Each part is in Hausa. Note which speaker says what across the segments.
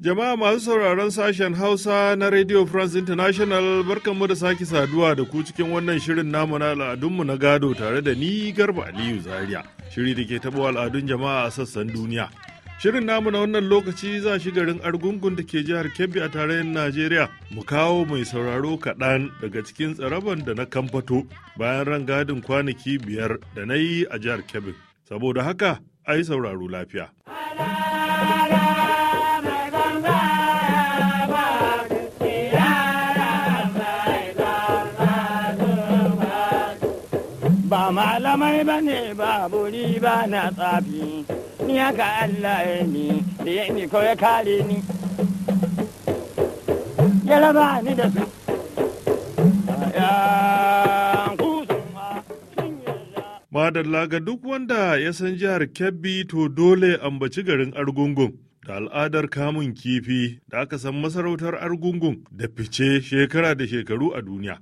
Speaker 1: Jama'a masu sauraron sashen Hausa na Radio France International barkanmu da sake saduwa da ku cikin wannan shirin namu na al'adunmu na gado tare da ni Garba Aliyu Zaria. Shiri da ke taɓa al'adun jama'a a sassan duniya. Shirin namu na wannan lokaci za shi garin Argungun da ke jihar Kebbi a tarayyar Najeriya. Mu kawo mai sauraro kaɗan daga cikin tsaraban da na kamfato bayan rangadin kwanaki biyar da na yi a jihar Kebbi. Saboda haka, ai sauraro lafiya.
Speaker 2: malamai ba ne ba buri ba na tsafi ni haka Allah ya ni da ya ni ya kare ni
Speaker 3: ya raba ni da su
Speaker 1: Madalla ga duk wanda ya san jihar Kebbi to dole ambaci garin Argungun. da al'adar kamun kifi da aka san masarautar argungun da fice shekara da shekaru a duniya.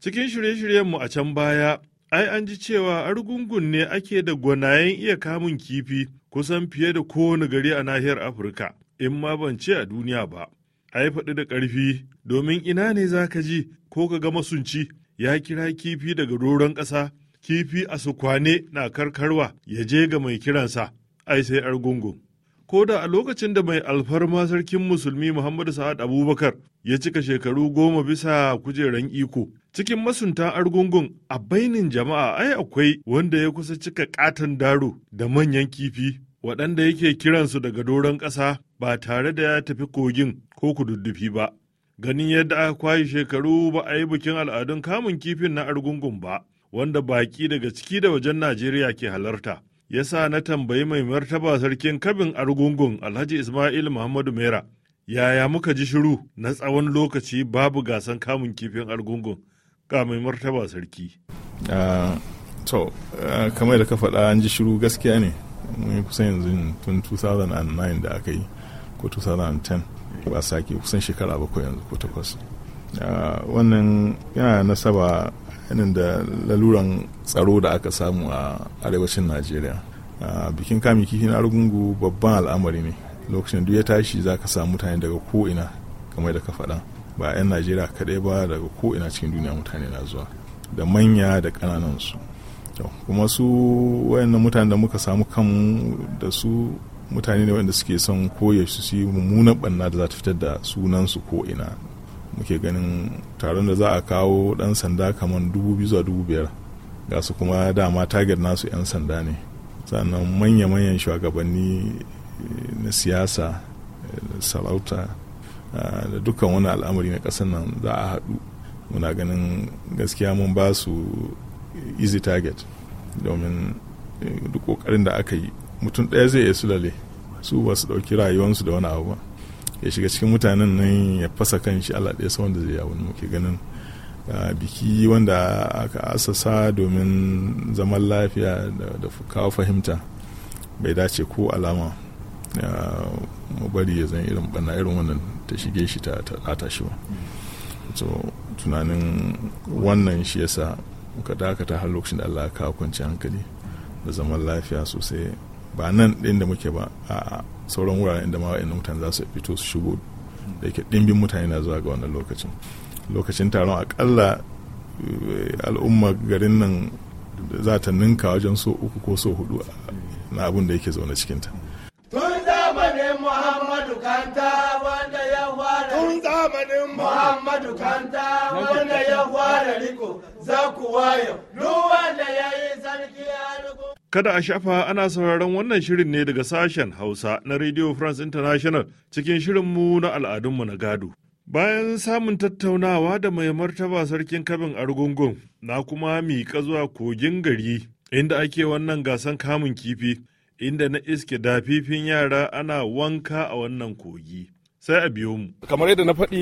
Speaker 1: Cikin shirye-shiryenmu a can baya ai an ji cewa argungun ne ake da gwanayen iya kamun kifi kusan fiye da kowane gari a nahiyar afirka in ma ban ce a duniya ba ai faɗi da ƙarfi domin ina ne za ka ji ko ka ga masunci ya kira kifi daga roron ƙasa kifi a sukwane na karkarwa ya je ga mai kiransa ai sai argungun ko da a lokacin da mai alfarma sarkin musulmi muhammadu sa'ad abubakar ya cika shekaru goma bisa kujeran iko cikin masunta argungun a bainin jama'a ai akwai wanda ya kusa cika katon daro da manyan kifi waɗanda yake kiransu daga doron ƙasa ba tare da ya tafi kogin ko kududdufi ba ganin yadda aka kwashe shekaru ba a yi bikin al'adun kamun kifin na argungun ba wanda baƙi daga ciki da wajen najeriya ke halarta ya sa na tambayi mai martaba sarkin kabin argungun alhaji ismail muhammadu mera yaya muka ji shiru na tsawon lokaci babu gasan kamun kifin argungun ga mai martaba sarki
Speaker 4: ah, to ah, kamar da ka faɗa an ji shiru gaskiya ne mun kusan yanzu tun 2009 da aka yi ko 2010 ba sake kusan shekara bakwai yanzu ko takwas ah, wannan yana nasaba yanin da laluran tsaro da aka samu a arewacin najeriya bikin kami kifi na argungu babban al'amari ne lokacin duk ya tashi za ka samu mutane daga ko'ina kamar da ka faɗa ba 'yan najeriya kaɗai ba daga ko ina cikin duniya mutane na zuwa da manya da ƙananan su kuma su wayannan mutane da muka samu kanmu da su mutane ne wanda suke son koyaushe su yi mummunan banna da za ta fitar da sunan su ko ina muke ganin taron da za a kawo dan sanda kamar dubu biyu zuwa dubu biyar ga su kuma dama target nasu 'yan sanda ne sannan manya-manyan shugabanni eh, na siyasa eh, sarauta Ah, da dukkan wani al'amari na ƙasar nan za a haɗu muna ganin gaskiya mun ba su easy target domin eh, duk ƙoƙarin da aka yi mutum ɗaya zai iya sulale su ba su ɗauki rayuwarsu da wani abu ba ya shiga cikin mutanen nan ya fasa kan shi allah ɗaya wanda zai yawon muke ganin ah, biki wanda aka asasa domin zaman lafiya da kawo fahimta bai dace ko alama mu bari ya zan irin bana irin wannan ta shige shi ta lata shi ba so tunanin wannan shi yasa ka dakata har lokacin da Allah ya kawo kwanci hankali da zaman lafiya sosai ba nan ɗin da muke ba a sauran wuraren inda ma wa'in mutane za su fito su shigo da yake ɗimbin mutane na zuwa ga wannan lokacin lokacin taron akalla eh, al'umma garin nan za ta ninka wajen so uku ko so hudu na abin da yake zaune cikinta
Speaker 3: Muhammadu wanda ya fara riko za ku wayo wanda ya yi sarki ya
Speaker 1: Kada a shafa ana sauraron wannan shirin ne daga sashen Hausa na Radio France International cikin shirin mu na al'adunmu na gado. Bayan samun tattaunawa da mai martaba sarkin kabin argungun na kuma miƙa zuwa kogin gari inda ake wannan gasan kamun kifi inda na iske dafifin yara ana wanka a wannan kogi. sai a biyo mu. Kamar yadda na faɗi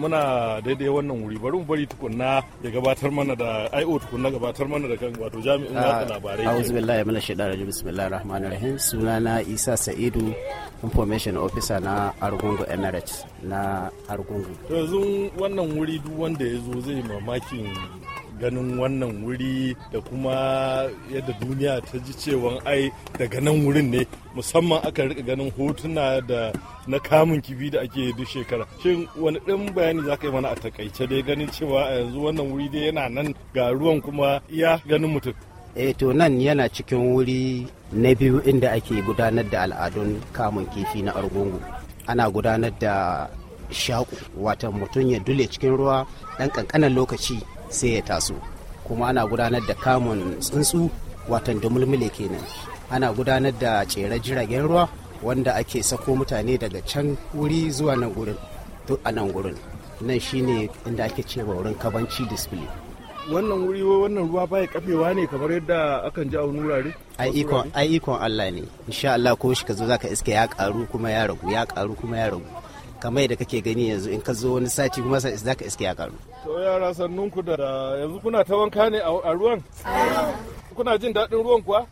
Speaker 1: muna daidai wannan wuri bari mu bari tukunna ya gabatar mana da IO tukunna gabatar mana da kan wato jami'in ah, watsa labarai. A'udhu billahi
Speaker 3: minash da rajim bismillahir rahman rahim sunana Isa Sa'idu information officer na Argungu Emirates na Argungu.
Speaker 1: Yanzu wannan wuri duk wanda ya zo zai mamakin ganin wannan wuri da kuma yadda duniya ta ji cewa ai daga nan wurin ne musamman aka rika ganin hotuna da na kamun kifi da ake duk shekara shin wani ɗin bayani za ka yi mana a takaice dai ganin cewa a yanzu wannan wuri dai yana nan
Speaker 3: ga ruwan kuma iya ganin mutum eh to nan yana cikin wuri na biyu inda ake gudanar da al'adun kamun kifi na argungu ana gudanar da shaku wata mutum ya dule cikin ruwa ɗan ƙanƙanan lokaci sai ya taso kuma ana gudanar da kamun tsuntsu watan da mulmule kenan ana gudanar da tsere jiragen ruwa wanda ake sako mutane daga can wuri zuwa nan gurin duk a nan gurin nan shine inda ake cewa wurin kabanci display
Speaker 1: wannan wuri wannan ruwa baya kafewa ne kamar yadda akan ji a wani wurare
Speaker 3: ai ikon Allah ne insha Allah ko shi ka zo zaka iska ya karu kuma ya ragu ya karu kuma ya ragu kamar yadda kake gani yanzu in ka zo wani sati kuma za ka iske a karu.
Speaker 1: To yara sannun ku da yanzu kuna ta wanka ne a ruwan? Kuna jin daɗin ruwan kuwa?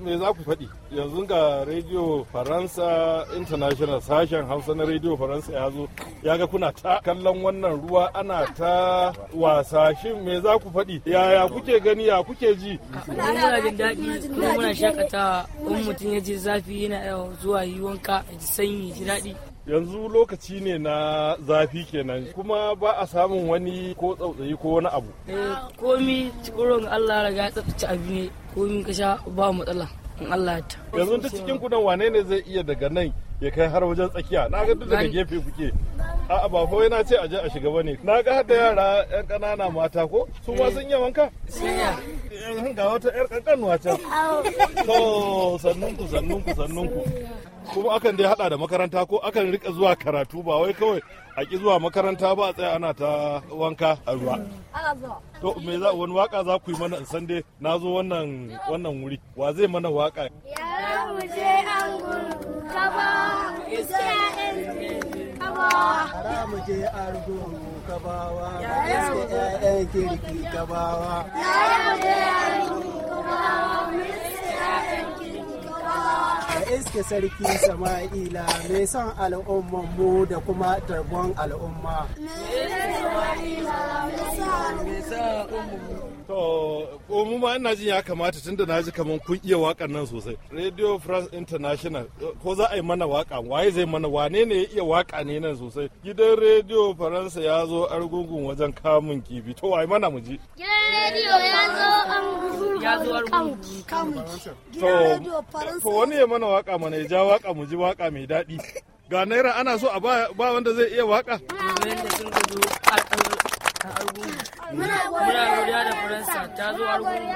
Speaker 1: Me za ku faɗi? Yanzu ga Radio Faransa International sashen Hausa na Radio Faransa ya zo ya ga kuna ta kallon wannan ruwa ana ta wasa shin me za ku faɗi? Yaya kuke gani ya kuke ji? Muna
Speaker 2: jin daɗi kuma muna shakatawa in mutum ya ji zafi yana zuwa yi wanka ya ji sanyi ji daɗi.
Speaker 1: yanzu lokaci ne na zafi kenan kuma ba a samun wani ko tsautsayi ko wani abu
Speaker 2: eh, komi tsoron allah raga ya tsabtace abu ne komi ka sha ba matsala in allah ta yanzu ta cikin
Speaker 1: kudan wane ne zai iya daga nan ya kai har wajen tsakiya na ga duk daga gefe kuke a'a ba fa yana ce a je a shiga bane na ga hada yara yan kanana mata ko su ma sun yi wanka yanzu ga wata yar kankanuwa can to sannun ku sannun ku ku kuma akan dai hada da makaranta ko akan rika zuwa karatu ba wai kawai a ki zuwa makaranta ba a tsaya ana ta wanka a ruwa to me za wani waka za ku yi mana in san dai na zo wannan wannan wuri wa zai mana waka ya
Speaker 3: mu je an gudu mu je argungu kabawa ga yasu ƴaƴan kirki kabawa yaya mu je argungu kabawa mu ƴaƴan kirki kabawa da iske sarki sama'ila mai son al'umman mu da kuma tarbon al'umma mai son al'umman mu
Speaker 1: ko mu ma ina jin ya kamata tunda na ji kaman kun iya wakan nan sosai. Radio France International ko za a yi mana waka waye zai mana wane ne ya iya waka ne nan sosai. Gidan Radio Faransa ya zo argungun wajen kamun kifi to waye mana mu ji.
Speaker 3: Gidan Radio ya zo argungun kamun faransa. To, wani
Speaker 1: ya mana waka mana ya ja waka mu ji waka mai daɗi. Ga naira ana so a ba wanda zai iya waka.
Speaker 3: ta argungu muna godiya da
Speaker 2: faransa ta
Speaker 4: zo argungu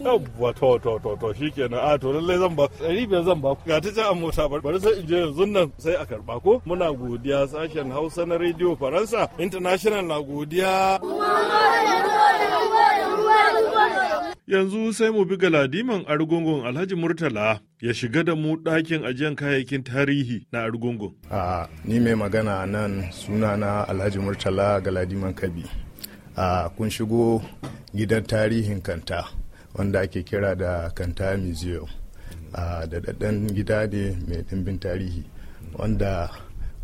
Speaker 1: yawwa to to to to shikenan a to lallai zan ba ɗari biyar zan ba ga ta can a mota bari sai in je yanzu nan sai a karɓa ko muna godiya sashen hausa na rediyo faransa international na godiya Yanzu sai mu bi galadiman argungun Alhaji Murtala ya shiga da mu ɗakin ajiyan kayayyakin tarihi na argungun. A
Speaker 2: ni mai magana nan suna na Alhaji Murtala galadiman Kabi. A kun shigo gidan tarihin kanta wanda ake kira da kanta museum. A daɗaɗɗen gida ne mai ɗimbin tarihi wanda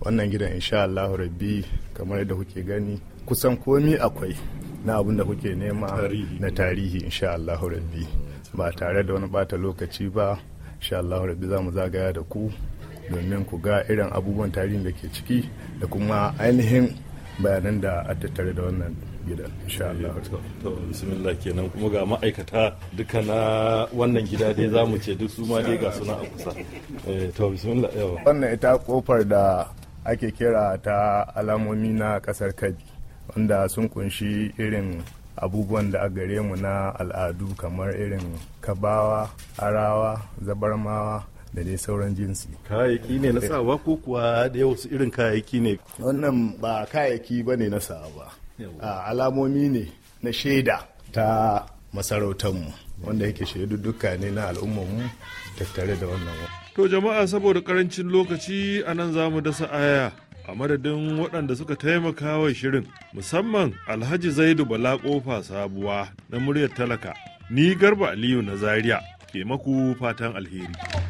Speaker 2: wannan gidan insha Allah rabbi kamar yadda kuke gani kusan komi akwai. na abin da kuke nema na tarihi insha Allahu rabbi ba tare da wani bata lokaci ba insha Allahu rabbi za mu zagaya da ku domin ku ga irin abubuwan tarihin da ke ciki da kuma ainihin bayanan da a tattare da wannan gida insha
Speaker 1: Allah to bismillah kenan kuma ga ma'aikata duka na wannan gida dai za mu ce duk su ma dai ga suna a kusa eh,
Speaker 2: to bismillah wannan ita kofar da ake kira ta alamomi na kasar kabi wanda sun kunshi irin abubuwan da a gare mu na al'adu kamar irin kabawa arawa zabarmawa da dai sauran jinsi kayayyaki ne na sawa
Speaker 1: ko kuwa da su
Speaker 2: irin kayayyaki ne wannan ba kayayyaki ba ne na sawa ba ah, alamomi ne na shaida ta masarautar mu. wanda yake shaidu dukka ne na al'ummarmu tattare da wannan
Speaker 1: to jama'a saboda karancin lokaci anan nan za mu dasa aya a madadin waɗanda suka taimaka wa shirin musamman alhaji zaidu bala kofa sabuwa na muryar talaka ni garba aliyu na zaria ke maku fatan alheri